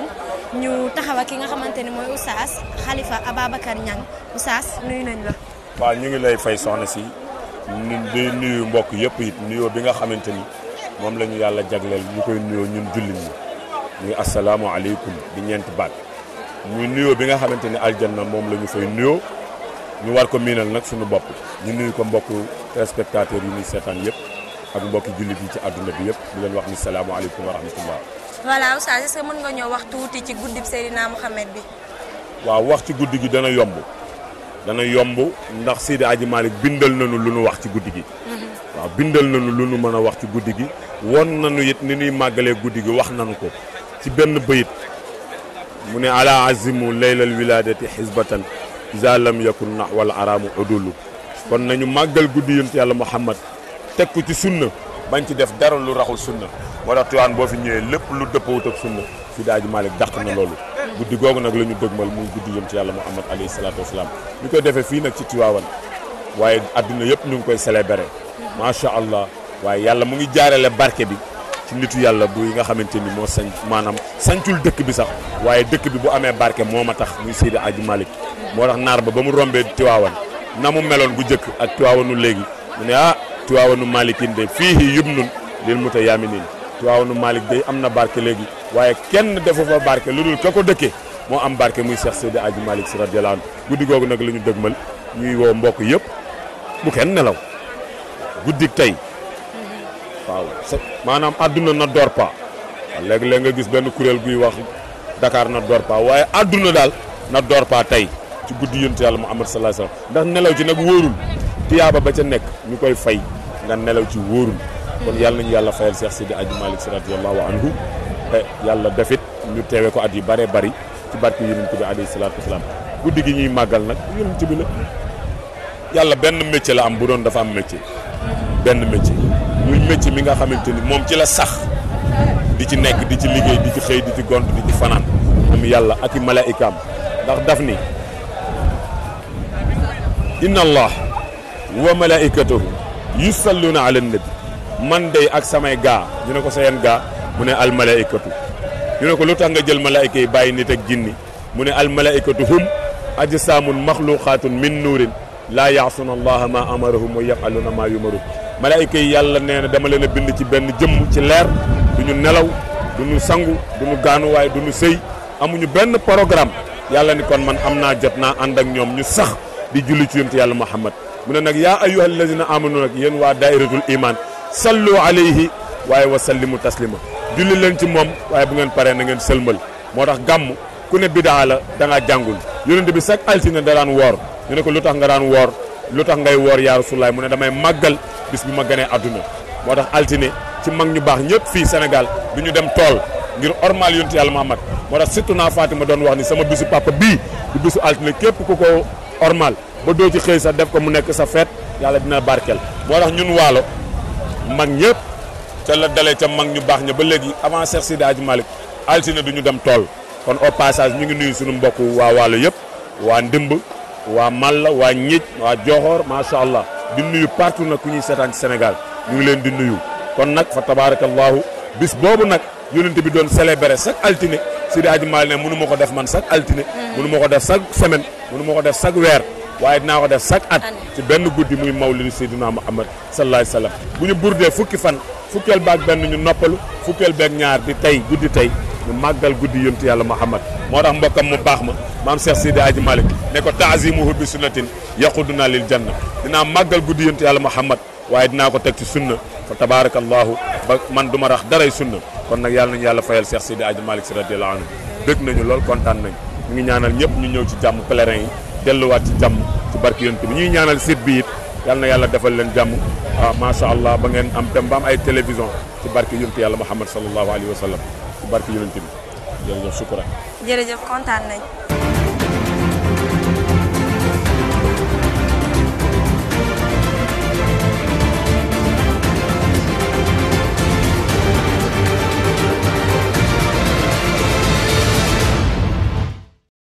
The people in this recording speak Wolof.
yoon ñu taxaw ki nga xamanteni ni Oustaz Khalifa ababakar ñang Oustaz nuyu nañ la. waaw ñu ngi lay fay soxna si di nuyu mbokk yépp yi nuyu bi nga xamanteni ni lañu yalla ñu yàlla jagleel ñu koy nuyoo ñun jullit ñi assalamu alaykum di ñent baat ñu nuyu bi nga xamanteni ni aljanna mom lañu fay nuyu ñu war ko minal nak suñu bop ñu nuyu ko mbokk téléspectateurs yi ñuy sétane yépp ak mbokk jullit yi ci aduna bi yépp di leen wax ni alaykum wa rahmatullah voilà oustaz est-ce que mën nga ñëw wax tuuti ci guddib Seydina Mohamed bi. waaw wax ci guddi gi dana yomb dana yomb ndax Seydi Aji Malick bindal nañu lu nu wax ci guddi gi. Mhm. waaw bindal nañu lu nu mën a wax ci guddi gi won nañu it ni ñuy màggalee guddi gi wax nañu ko ci benn bayit mu ne ala azimu laylal wiladati xisbatan iza lam yakun naxwal aramu udulu kon nañu màggal guddi yonent yàlla Muhammad teg ko ci sunna bañ ci def dara lu raxul sunna moo tax Tiwaawan boo fi ñëwee lépp lu dëppawut ak sunna fi daaji Malick dàq na loolu guddi googu nag la ñu dëgmal muy guddi jëm ci yàlla Muhammad alayhi salaatu wasalaam ñu koy defee fii nag ci Tiwaawan waaye adduna yëpp ñu ngi koy célébrer macha allah waaye yàlla mu ngi jaarale barke bi ci nitu yàlla bu yi nga xamante ni moo sañ maanaam sañcul dëkk bi sax waaye dëkk bi bu amee barke moo ma tax muy Seydi Aji Malick moo tax naar ba ba mu rombee Tiwaawan na mu meloon bu njëkk ak Tiwaawanu léegi mu ne ah Tiwaawanu Malikin de fii yubnun lil mutayaaminin waaw Tiwaawanu Malick Gueye am na barke léegi waaye kenn defu fa barke lu dul ka ko dëkkee moo am barke muy Cheikh Seydi Aji Malick Sy radiyallahu anhu guddi googu nag la ñu dëgmal ñuy woo mbokk yëpp bu nelaw guddi tey waaw maanaam adduna na door pa léeg-léeg nga gis benn kuréel guy wax dakaar na door waaye adduna daal na door pa tey ci guddi yonent yàlla Muhammad sallallahu alayhi wasallam ndax nelaw ci nag wóorul tiyaaba ba ca nekk ñu koy fay nga nelaw ci wóorul kon yàlla nañu yàlla fayal Cheikh Sidi Aji Malick Sy radiyallahu anhu yàlla defit ñu teewe ko at yi bare bari ci barke yonent bi gi ñuy màggal nag yonent bi la yàlla benn métier la am bu doon dafa am métier benn métier muy métier mi nga xamante ni moom ci la sax di ci nekk di ci liggéey di ci xëy di ci gont di ci fanaan am yàlla ak i malaikaam ndax daf ni inna allah wa malaikatahu yusalluna ala nabi man day ak samay gaa ñu ne ko sa yan gaa mu ne almalaykatu ñu ne ko lu tax nga jël malayka yi bàyyi nit ak jinni mu ne almalaykatu hum ajsaamun maxluqaatun min nuurin laa yaasuna allaha ma amarahum wa yafaluna ma yumarun malayka yi yàlla nee na dama leen a bind ci benn jëmm ci leer du ñu nelaw du ñu sangu du ñu gaanuwaay du ñu sëy amuñu benn programme yàlla ni kon man am naa jot na ànd ak ñoom ñu sax di julli ci yonent yàlla muhammad mu ne nag yaa ayyuha allazina waa dairatul iman sallu alayhi waaye wa sallimu taslima julli leen ci moom waaye bu ngeen paree na ngeen sëlmal moo tax gàmm ku ne bidaa la da ngaa jàngul yonent bi chaque altine da daan woor ñu ne ko lu tax nga daan woor lu tax ngay woor yaa rasulaay mu ne damay màggal bis bi ma gënee àdduna moo tax altine ci mag ñu baax ñëpp fii senegal du ñu dem tool ngir ormal yonent yàlla Muhammad moo tax surtout naa Fatima doon wax ni sama bisu papa bii di bisu altine képp ku ko ormal ba doo ci xëy sax ko mu nekk sa feet yàlla dina barkeel mag ñëpp ca la dale ca mag ñu baax ña ba léegi avant Cheikh Sidi Hadji Malick altine du ñu dem tool kon au passage ñu ngi nuyu suñu mbokku waa Waalo yëpp waa Ndimb waa Malla waa Ñij waa Joxoor macha allah di nuyu partout nag ku ñuy seetaan Sénégal ñu ngi leen di nuyu kon nag fa tabaarakallaahu bis boobu nag yonent bi doon célébrer chaque altine Sidi Hadji Malick ne mënu ma ko def man chaque altine mm. mënu ma ko def chaque semaine mënu ma ko def chaque weer waaye dinaa ko def chaque at ci benn guddi muy mawlidu Seydina Muhammad sallallahu alayhi wasallam bu ñu burdee fukki fan fukkeel baak benn ñu noppalu fukkeel beeg ñaar di tey guddi tey ñu màggal guddi yontu yàlla Muhammad moo tax mbokkam mu baax ma maam Cheikh Sidi Aji Malick ne ko taazimuhu bi sunnatin yaquduna lil janna dinaa màggal guddi yontu yàlla Muhammad waaye dinaa ko teg ci sunna fa tabarakallahu ba man du ma rax daray sunna kon nag yàlla nañu yàlla fayal Cheikh Sidi Aji Malick si radiyallahu anhu nañu lool kontaan nañ ñu ngi ñaanal ñëpp ñu ñëw ci jàmm pèlerin yi delluwaat ci jàmm ci barki yonent bi ñuy ñaanal site bi it yal na yàlla defal leen jàmm ah macha allah ba ngeen am dem ba am ay télévision ci barki yonent yàlla Muhammad sallallahu alayhi wa sallam ci barki yonent bi jërëjëf sukura. jërëjëf kontaan